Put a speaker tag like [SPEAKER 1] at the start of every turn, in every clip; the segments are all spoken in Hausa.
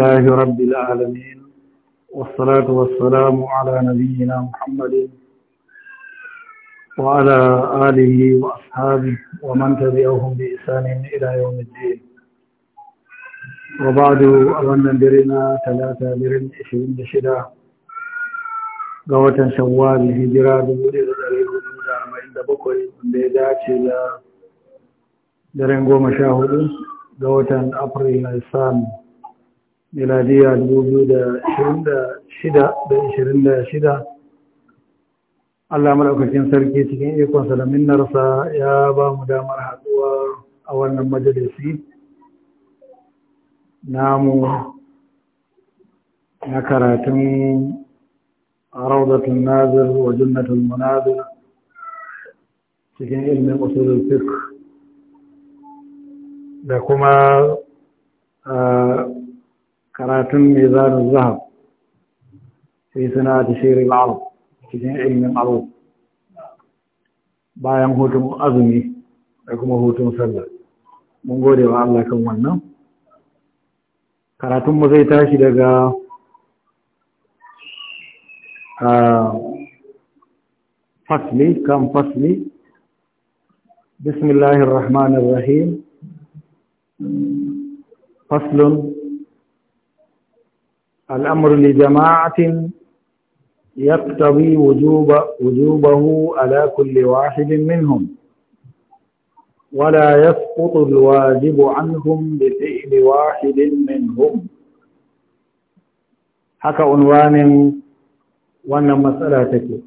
[SPEAKER 1] الله رب العالمين والصلاة والسلام على نبينا محمد وعلى آله وأصحابه ومن تبعهم بإحسان إلى يوم الدين وبعد أولا برنا ثلاثة برن إشرين بشدة قوة شوال هجرة بولي غزالي هدود عمين دبكوي بيدات إلى درن قوم شاهدون قوة أبريل إسلام miladiya 2026 da Allah malaukakin sarki cikin ikon salamin narsa ya ba mu damar haduwa a wannan majalisi namu na karatun raudatun nazir wa jannatul munazir cikin ilmin usulul fiqh da kuma karatun mai zanen zahab sai suna da shirin al'arab cikin ilimin al'arab bayan hutun azumi da kuma hutun sallah mun gode wa Allah kan wannan karatunmu zai tashi daga fasli kan fasli bismillahirrahmanirrahim الأمر لجماعة يقتضي وجوب وجوبه على كل واحد منهم ولا يسقط الواجب عنهم بفعل واحد منهم حكى عنوان وان مسألة تكي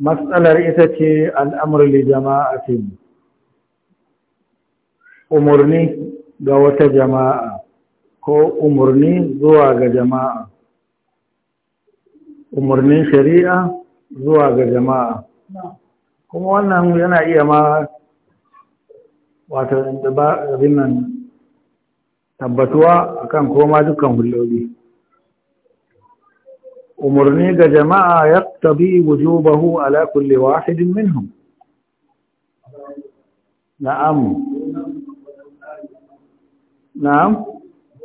[SPEAKER 1] مسألة رئيسة الأمر لجماعة أمرني قوة جماعة ko umurni zuwa ga jama'a umarnin shari'a zuwa ga jama'a kuma wannan yana iya ma wato abin nan tabbatuwa akan koma dukkan hullobi umurni ga jama'a ya tabi wujubahu ala kulli wahidin minhum na'am na'am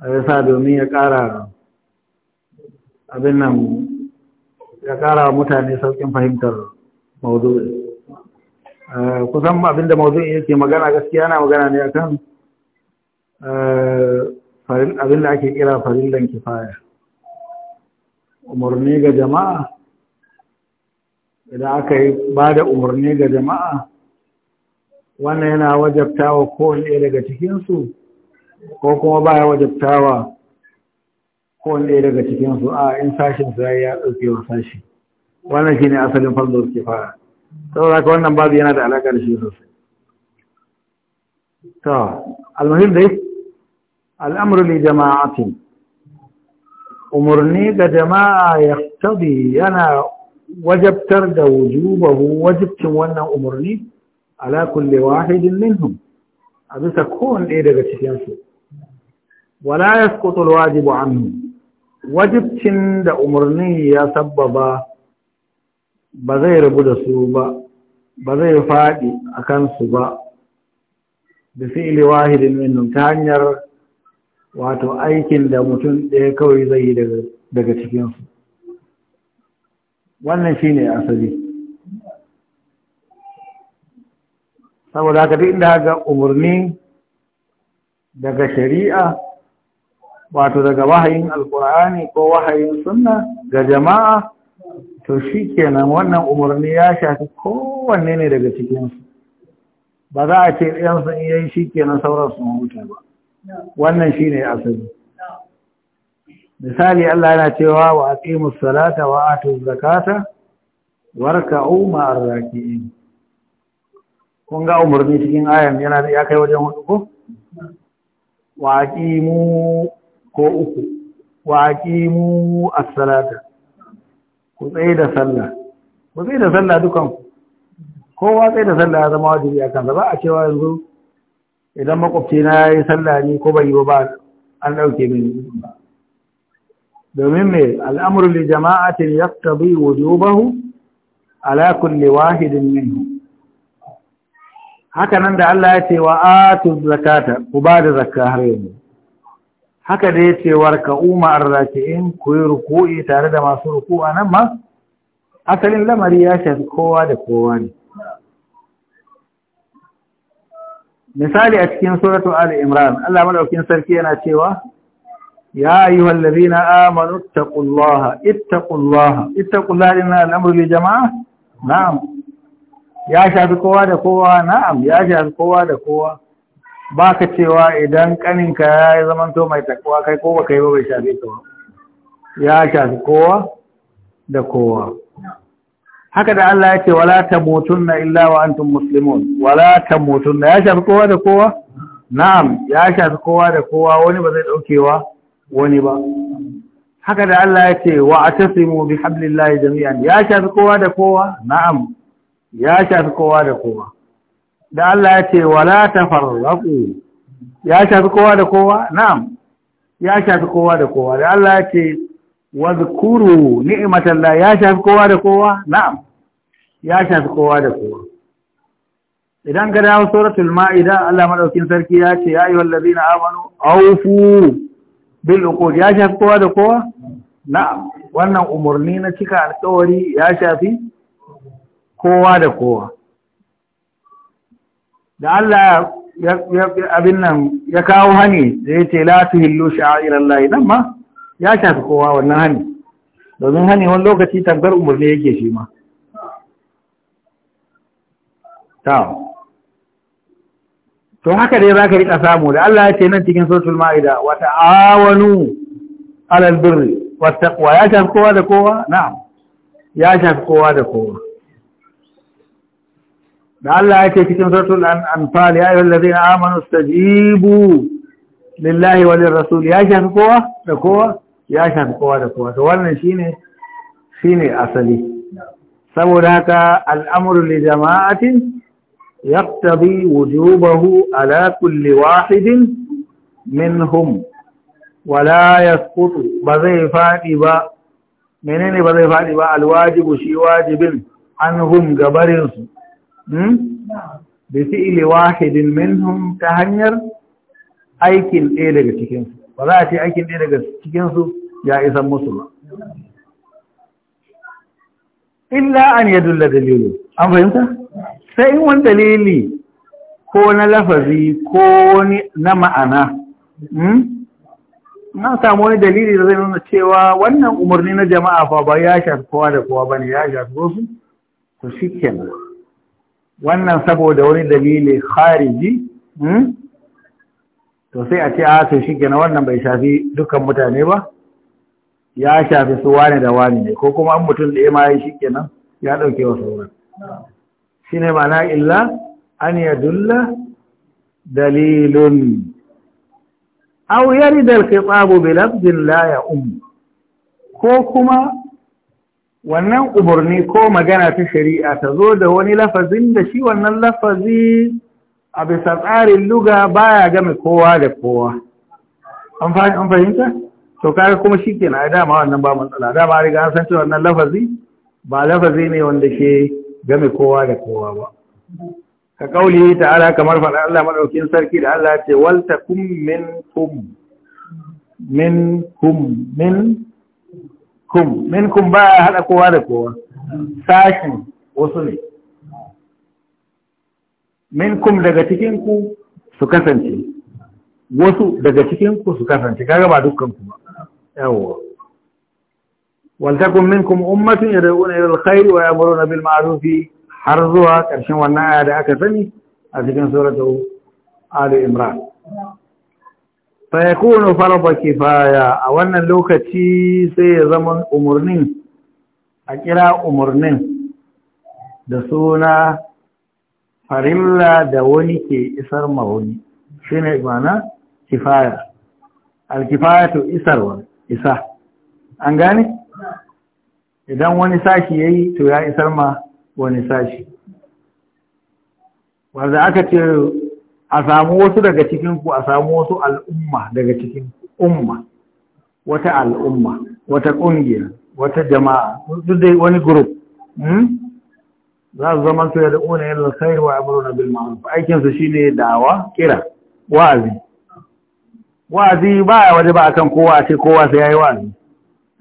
[SPEAKER 1] a ya sa domin ya ƙara abin nan ya ƙara mutane sauƙin fahimtar maudu'i eh, kusan da maudu'i yake magana gaskiya na magana ne akan eh, da ake kira farillan kifaya umarni ga jama'a idan aka yi ba da umarni ga jama'a wannan yana wajabta wa kowane daga cikinsu ko kuma baya wajabtawa ko wanda ya daga cikin su a in sashin su ya dauke wa sashi wannan shine asalin fardo ke fara saboda ka wannan babu yana da alaka da shi sosai to almuhim dai al'amru li jama'atin umurni ga jama'a ya tabi yana wajabtar da wujubahu wajibcin wannan umurni ala kulli wahidin minhum a bisa kowanne ɗaya daga cikinsu wala yasqutu alwajibu anhu wajibcin da umarni ya sabbaba ba zai rabu da su ba ba zai faɗi a kansu ba da fi'ili wahidin minhum ta hanyar wato aikin da mutum ɗaya kawai zai yi daga cikinsu wannan shine asali saboda haka duk umarni daga shari'a wato daga wahayin alkur'ani ko wahayin sunna ga jama'a to shi wannan umarni ya shafi kowanne ne daga cikinsu ba za a ce ɗayansu in yayi shi kenan sauran su huta ba wannan shi ne asali misali Allah yana cewa wa aqimus salata wa atuz zakata warka ma'ar raki'in kun ga umarni cikin ayan yana da ya kai wajen hudu ko wa aqimu ko uku wa aqimu as-salata ku tsaye da sallah ku tsaye da sallah dukan kowa tsaye da sallah ya zama wajibi akan kansa, ba a cewa yanzu idan makwabci na yi sallah ni ko bai yi ba an dauke min domin me al'amru li jama'atin yaqtadi wujubahu ala kulli wahidin minhum haka nan da Allah ya ce wa atu zakata ku ba da zakka har yanzu haka dai cewar ka umar arraki'in ku yi ruku'i tare da masu ruku'a nan ma asalin lamari ya shafi kowa da kowa ne misali a cikin suratul ali imran Allah madaukakin sarki yana cewa ya yi ayyuhal ladina amanu taqullaha ittaqullaha ittaqullaha inna al-amru li jama'a na'am ya shafi kowa da kowa na'am ya shafi kowa da kowa ba ka cewa idan ƙaninka ya yi zamanto mai takwa kai ko ba kai ba bai shafi ka ya shafi kowa da kowa haka da Allah ya ce wala tamutunna illa wa antum muslimun wala tamutunna ya shafi kowa da kowa na'am ya shafi kowa da kowa wani ba zai daukewa wani ba haka da Allah ya ce wa atasimu bi hablillahi jami'an ya shafi kowa da kowa na'am ya shafi kowa da kowa da Allah ya ce wala ta tafarraqu ya shafi kowa da kowa na'am ya shafi kowa da kowa da Allah ya ce wadhkuru ni'matallahi ya shafi kowa da kowa na'am ya shafi kowa da kowa idan ka dawo suratul ma'ida Allah madaukin sarki ya ce ya ayyuhal ladina amanu awfu bil uqud ya shafi kowa da kowa na'am wannan umurni na cika alƙawari ya shafi kowa da kowa da Allah abin nan ya kawo hani da ya ce latu hillu sha'irar layi nan ma ya shafi kowa wannan hani domin hani wani lokaci tambar umarni yake shi ma to haka dai za ka riƙa samu da Allah ya ce nan cikin sosul ma'ida wata awonu alalbirri birri wata ya shafi kowa da kowa na'am ya shafi kowa da kowa da Allah yake cikin suratul anfal ya ayyuhal ladina amanu stajibu lillahi wa lirrasul ya shafi kowa da kowa ya shafi kowa da kowa to wannan shine shine asali saboda haka al'amru li jama'atin yaqtadi wujubahu ala kulli wahidin minhum wala yasqutu ba zai fadi ba menene ba zai fadi ba alwajibu shi wajibin anhum gabarinsu Hmm? bi fi'li wahidin minhum ta hanyar aikin ɗaya daga cikinsu? ba za a ce aikin ɗaya daga cikinsu ya isan musu ba illa an dulla dalilu an fahimta sai in wani dalili ko na lafazi ko na ma'ana hmm? na samu wani dalili da zai nuna cewa wannan umarni na jama'a fa ba ya shafi kowa da kowa ne ya shafi wasu to shi kenan wannan saboda wani dalili khariji hmm? to sai a ce a ah, sai shi gina wannan bai shafi dukkan mutane ba ya shafi su wane da wane ne ko kuma an mutum da ya ma yi shi kenan ya ɗauke wa sauran shi ne mana illa an ya dulla dalilun au yari da tsabo bi ya ko kuma wannan umarni ko magana ta shari'a ta zo da wani lafazin da shi wannan lafazi a bisa tsarin luga baya game kowa da kowa an fahimta to kare kuma shi ke na dama wannan ba matsala dama riga an san cewa wannan lafazi ba lafazi ne wanda ke game kowa da kowa ba ka kauli ala kamar faɗa Allah maɗaukin sarki da Allah ce wal takum minkum minkum min kum minkum ba a haɗa kowa da kowa sashin wasu ne minkum daga cikinku su kasance wasu daga cikinku su kasance kaga ba dukkanku ba yawwa waltakun minkum ummatin ya dauna ila alkhairi wa na bil ma'ruf har zuwa ƙarshen wannan aya da aka sani a cikin suratul ali imran fa yakunu farba kifaya a wannan lokaci sai ya zama umurnin a kira umurnin da suna farilla da wani ke isar ma wani shine ma'ana kifaya to isarwa isa an gane idan wani sashi yayi to ya isar ma wani sashi wanda aka ce a samu wasu daga cikinku, a samu wasu al'umma daga cikin umma wata al'umma wata ƙungiya wata jama'a duk dai wani group hmm? za su zama su yadda ƙuna yin alkhairi wa abu na bilman ma'ruf aikin su shine da'awa kira wa'azi wa'azi ba a waje ba kan kowa ce kowa sai yi wa'azi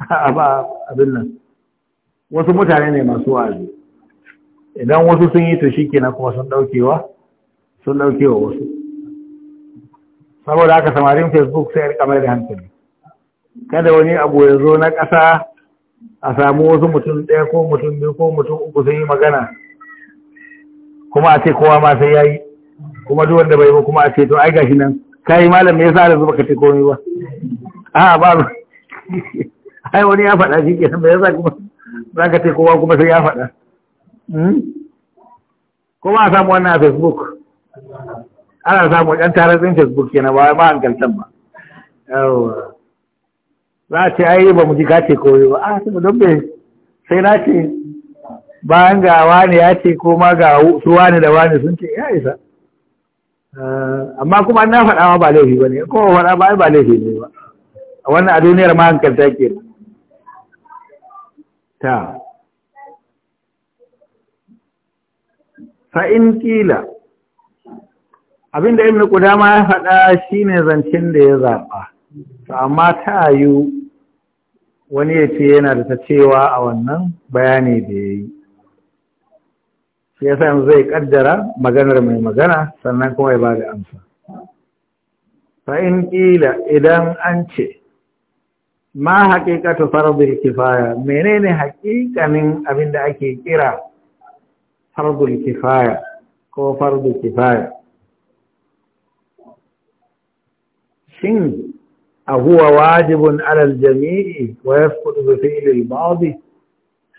[SPEAKER 1] a ba abin nan wasu mutane ne masu wa'azi idan wasu sun yi to kenan kuma sun ɗaukewa sun ɗauke wa wasu saboda haka samarin facebook sai rika mai da hankali kada wani abu ya zo na ƙasa a samu wasu mutum ɗaya ko mutum biyu ko mutum uku sun yi magana kuma a ce kowa ma sai ya yi kuma duk wanda bai ba kuma a ce to ai gashi nan yi malam me yasa da zuba ka ce komai ba a'a ba ai wani ya faɗa shi kenan me yasa kuma za ka ce kowa kuma sai ya faɗa hmm? kuma a samu wannan a facebook ana samun ɗan taratsin facebook kenan ba ma hankaltan ba za a ce ai ba mu ji kace koyo ba a ah, su don bai sai na ce bayan ga wani ya ce ko ma ga su wani da wani sun ce ya isa eh, amma kuma na faɗa ma ba laifi ba ne ko faɗa ba ba laifi ne ba a wannan a duniyar ma ta ke ta fa'in kila Abin da ibnu ma ya faɗa shine zancen da ya zaɓa, to amma ta yi wani ya ce yana da ta cewa a wannan bayani da ya yi. Ya yanzu zai kaddara maganar mai magana sannan kuma ya da amsa fa in idan an ce ma haqiqatu fardul kifaya menene abin da ake kira fardul kifaya ko fardul kifaya shin a huwa wajibun alal jami'i wa fi kudu zafi al-ba'd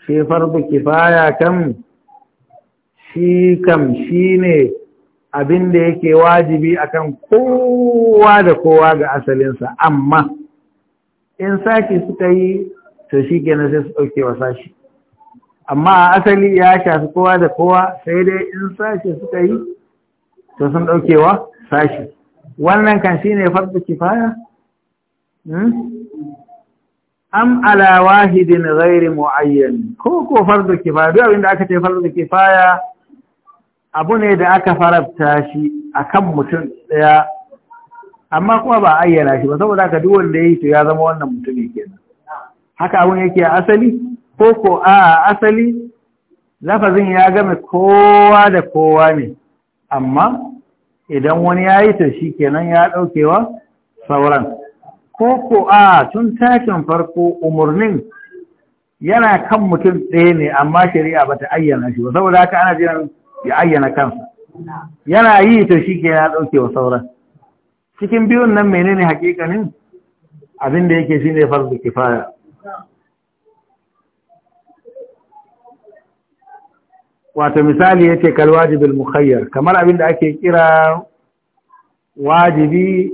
[SPEAKER 1] shi farko kifaya kam shi kam shine abin da yake wajibi akan kowa da kowa ga asalinsa amma in sake suka yi to shi kenan sai su ɗauke wa sashi amma a asali ya shafi kowa da kowa sai dai in sashi suka yi to sun ɗauke wa sashi wannan kan shi ne fardu kifaya? Hmm? am ala wahidin ghairi mu'ayyan ko ko fardu kifaya duk aka ce fardu kifaya abu ne da aka farabta shi kan mutum daya amma kuma ba ayyana shi ba saboda haka duk wanda yi to ya zama wannan mutum kenan haka abun yake asali ko ko a asali lafazin ya game kowa da kowa ne amma idan wani ya yi ta shi kenan ya ɗaukewa sauran ko ko a tun tashin farko umarnin yana kan mutum ɗaya ne amma shari'a ba ta ayyana shi ba saboda haka ana jiran ya ayyana kansa yana yi ta shi ke ya ɗaukewa sauran cikin biyun nan menene hakikanin abin da yake shi ne farzu kifaya wato misali yace kal wajibin mukhayyar kamar abin da ake kira wajibi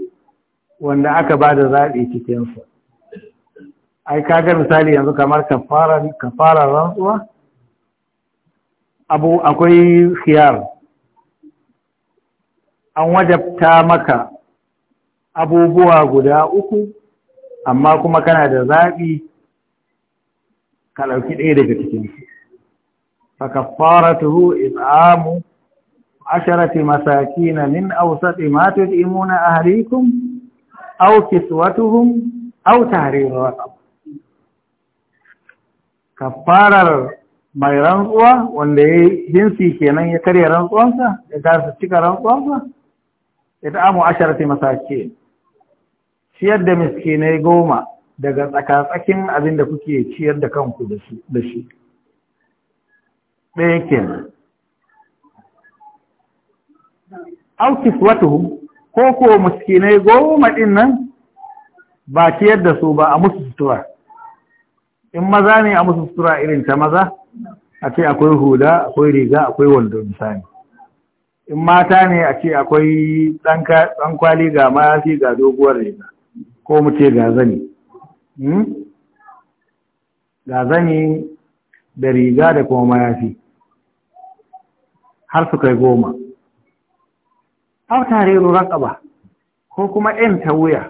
[SPEAKER 1] wanda aka ba da zaɓi cikinsu. ai kaga misali yanzu kamar kafarar rantsuwa abu akwai khiyar an wajabta maka abubuwa guda uku amma kuma kana da zaɓi ka ɗauki ɗaya daga cikinsu فكفارته إطعام عشرة مساكين من أوسط ما تدعمون أهليكم أو كسوتهم أو تحرير رقب كفارة mai rantsuwa wanda ya jinsi kenan ya karya rantsuwansa ya kasa cika rantsuwansa ya ta'amu asharati masake ciyar da miskinai goma daga tsakatsakin abin da kuke ciyar da kanku da shi ɗaya kenan aukis watuhum ko ko muskinai goma ɗin nan ba ciyar da su ba a musu sutura in maza ne a musu sutura irin ta maza a ce akwai hula akwai riga akwai wando misali in mata ne a ce akwai ɗan kwali ga mayafi ga doguwar riga ko mu ce ga zani hmm? ga zani da riga da kuma mayafi har su kai goma autare raƙaba ko kuma ‘yanta wuya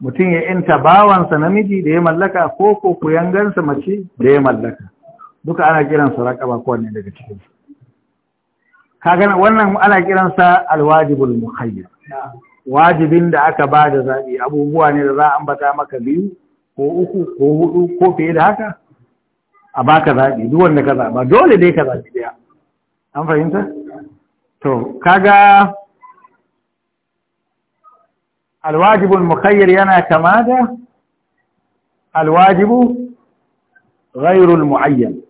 [SPEAKER 1] mutum ya ‘yanta bawansa namiji da ya mallaka ko ko kuyangansa mace da ya mallaka duka ana kiransa raƙaba kowane daga cikinsu kaga wannan ana kiransa alwajibul muhayyar wajibin da aka ba da zaɓi abubuwa ne da za a ambata maka biyu ko uku ko hudu ko fiye da haka a baka zaɓi duk wanda ka zaɓa dole dai ka zaɓi ɗaya an fahimta to kaga alwajibul mukayyar yana kama da alwajibu ghairul muayyan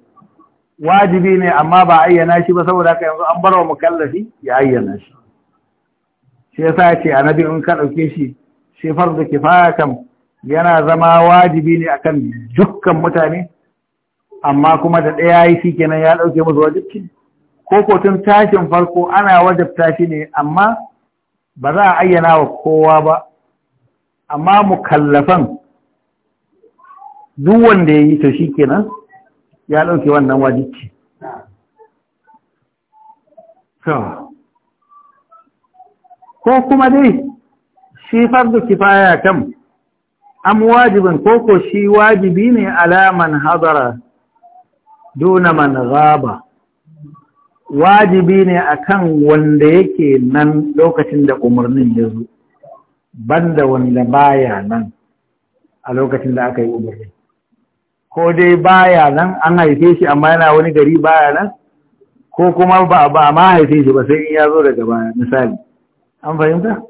[SPEAKER 1] wajibi ne amma ba ayyana shi ba saboda haka yanzu an bar wa mukallafi ya ayyana shi shi yasa ce annabi in ka dauke shi shi farzu kifaya kam yana zama wajibi ne akan dukkan mutane amma kuma da ɗaya yi shikenan ya dauke musu wajibi ko tun tashin farko ana wajabta shi ne amma ba za a ayyana wa kowa ba amma mukallafan duk wanda ya yi to shi kenan ya ɗauke wannan wajibci ko kuma dai shi farko kifaya kam am wajibin koko shi wajibi ne alaman hadara duna man gaba. wajibi ne a kan wanda yake nan lokacin da umarnin ya zo banda wanda baya nan a lokacin da aka yi umarni ko dai baya nan an haife shi amma yana wani gari baya nan ko kuma ba ba ma haife shi ba sai in ya zo daga baya misali an fahimta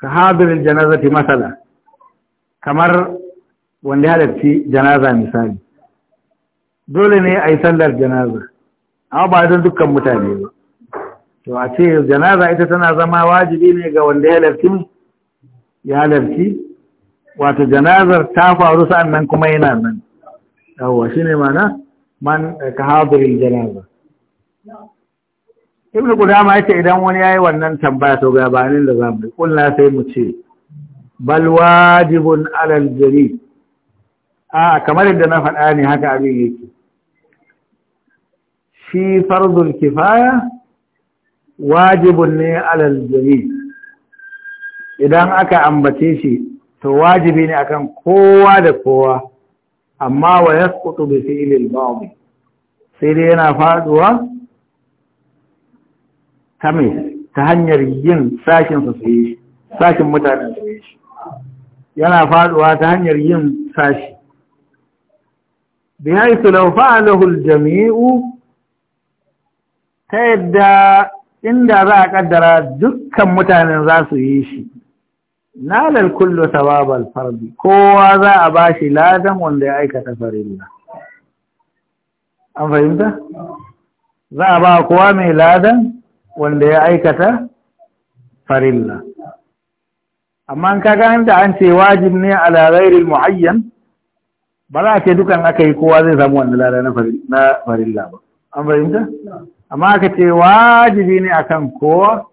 [SPEAKER 1] ka hadir janazati masala kamar wanda ya halarci janaza misali dole ne a yi sallar janaza amma ba don dukkan mutane ba to a ce janaza ita tana zama wajibi ne ga wanda ya larki. ya larki wato janazar ta faru sa'an nan kuma yana nan yawwa shi ne mana man ka hadirin janaza ibn qudama yace idan wani yayi wannan tambaya to banin da zamu yi kullu sai mu ce bal wajibun alal jami a kamar yadda na faɗa ne haka abin yake في فرض الكفاية واجب ني على الجميع إذا أكا أمبتيشي تواجبين أكا قوة لقوة أما ويسقط بفعل البعض سيدينا فادوا تمي تهنير ين ساشن سفيش ساشن متعنى سفيش ينا فادوا تهنير ين ساشن بحيث لو فعله الجميع ta yadda inda za a kaddara dukkan mutanen za su yi shi nalal kullu thawabal fardi kowa za a ba shi ladan wanda ya aikata farilla an fahimta za a ba kowa mai ladan wanda ya aikata farilla amma ka ga da an ce wajib ne a Larairin muayyan ba za a ce dukan aka yi kowa zai samu wanda ladan na farilla ba an fahimta amma aka ce wajibi ne akan kowa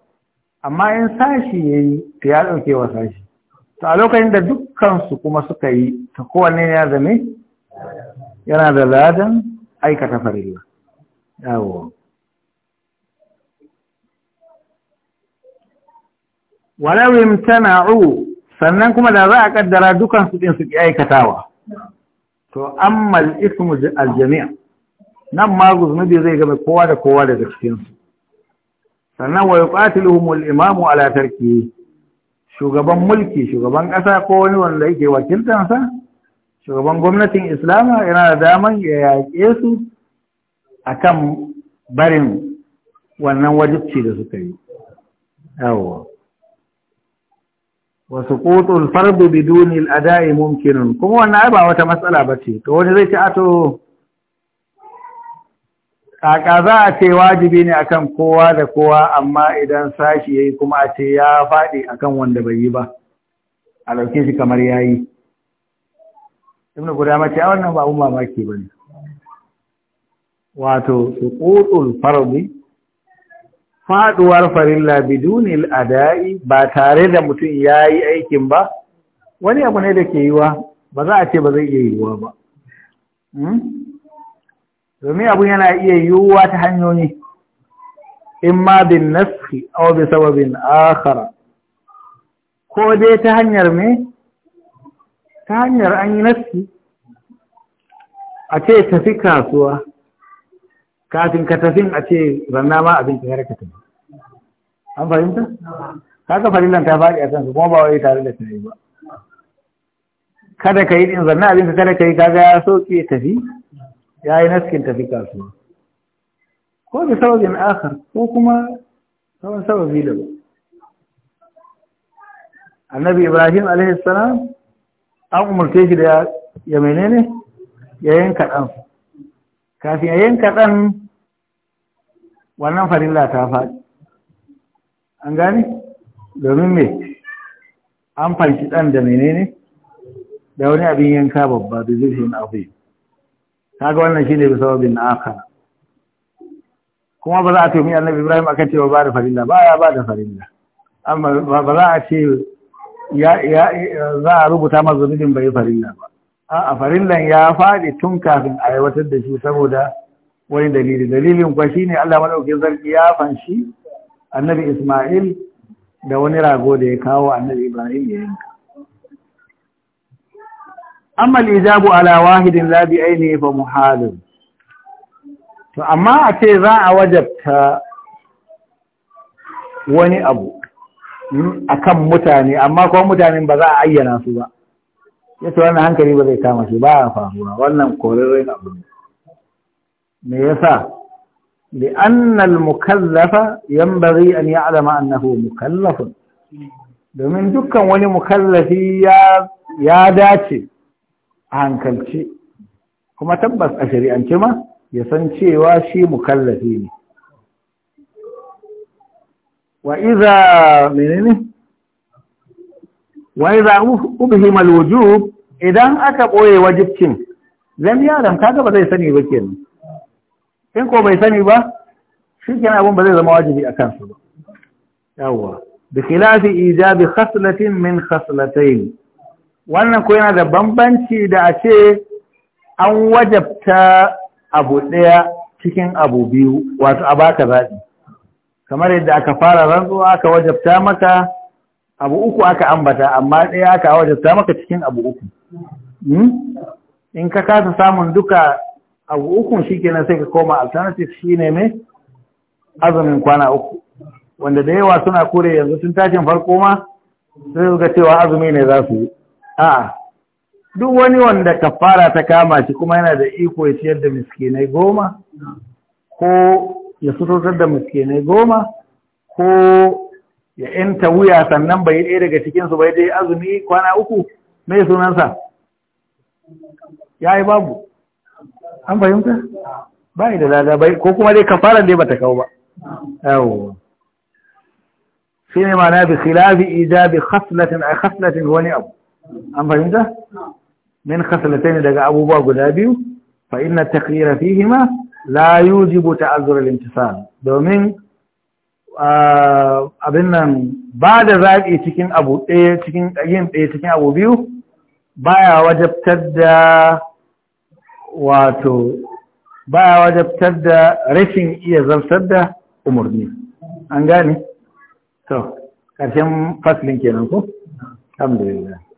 [SPEAKER 1] amma in sashi ya yi ya ɗauke wa sashi to a lokacin da dukkansu kuma suka yi ta kowanne ya zame yana da ladan aikata farilla yawo tana u sannan kuma da za a kaddara dukansu ɗin su ki aikatawa to amma al aljamia nan ma zunubi zai game kowa da kowa da cikinsu sannan wa al imamu ala tarki shugaban mulki shugaban ƙasa ko wani wanda yake wakiltansa shugaban gwamnatin islama yana da daman ya yaƙe su akan barin wannan wajibci da suka yi yawwa wasu ƙotul fardu biduni adai mumkinun kuma wannan ba wata matsala ba ce to wani zai ci ato kaka za a ce wajibi ne akan kowa da kowa amma idan sashi yayi kuma a ce ya faɗi akan wanda bai yi ba a ɗauke shi kamar ya yayi ibnu mace ce wannan ba abun mamaki ne wato suqutul fardi faduwar farilla bidunil ada'i ba tare da mutum yayi aikin ba wani abu ne da ke yiwa ba za a ce ba zai iya yiwa ba hmm? domin abun yana iya yiwuwa ta hanyoyi in ma bin naski aw bi sababin akhara ko dai ta hanyar me ta hanyar an yi naski a ce tafi kasuwa kafin ka tafi a ce zanna ma abin ka yarka ta an fahimta Kaka farilan ta faɗi a kansu kuma ba wai tare da tunani ba kada ka yi din zanna abin ka kada ka yi kaga ya soke tafi ya yi naskin tafi kasuwa ko da sababin akar ko kuma sabon sababi da ba annabi ibrahim alaihissalam an umarce shi da ya menene ya yanka ɗan kafin ya yanka ɗan wannan farilla ta faɗi an gane domin me an fanki ɗan da menene da wani abin yanka babba da zurfin abu kaga wannan shine bi sababin akhar kuma ba za a tumi annabi Ibrahim akan ce ba da farilla ba ya ba da farilla amma ba za a ce za a rubuta masa zunubin bai farilla ba a farillan ya faɗi tun kafin a aiwatar da shi saboda wani dalili dalilin kuwa ne Allah madaukakin sarki ya fanshi annabi Isma'il da wani rago da ya kawo annabi Ibrahim ya yanka amma lijabu ala wahidin labi aini fa muhalin to amma a ce za a wajabta wani abu akan mutane amma kuma mutane ba za a ayyana su ba yace wannan hankali ba zai kama shi ba ya faruwa wannan korarren abu ne me yasa li anna al mukallafa yanbaghi an ya'lama annahu mukallafun domin dukkan wani mukallafi ya dace a hankalci kuma tabbas a shari'ance ma ya san cewa shi mukallafi ne wa iza menene wa iza ubhima alwujub idan aka boye wajibcin zan yaran kaga ba zai sani ba kenan in ko bai sani ba kenan abun ba zai zama wajibi a kansu ba yawwa bi khilafi ijabi khaslatin min khaslatayn wannan ko yana da bambanci da a ce an wajabta abu ɗaya cikin abu biyu wato a baka zaɓi kamar yadda aka fara rantsuwa aka wajabta maka abu uku aka ambata amma ɗaya aka wajabta maka cikin abu uku hmm? in ka kasa samun duka abu uku shikenan sai ka koma alternative shine mai azumin kwana uku wanda da yawa suna kure yanzu sun tashin farko ma sai ga cewa azumi ne za su yi a duk wani wanda kafara ta kama shi kuma yana da iko ya ciyar da miskinai goma ko ya sutotar da miskinai goma ko ya yanta wuya sannan bai ɗaya daga cikinsu bai dai azumi kwana uku mai sunansa ya yi babu an fahimta ba da lada bai ko kuma dai kafaran dai bata kawo ba yawo shi ne ma na bi khilafi ijabi khaslatin a khaslatin wani abu an fahimta min khaslatayn daga abubuwa guda biyu fa inna taqira fihima la yujibu ta'azzur al domin abin nan ba da zaɓi cikin abu ɗaya cikin yin ɗaya cikin abu biyu baya wajabtar da wato baya wajabtar da rashin iya zartar da umarni an gane to ƙarshen faslin kenan ko alhamdulillah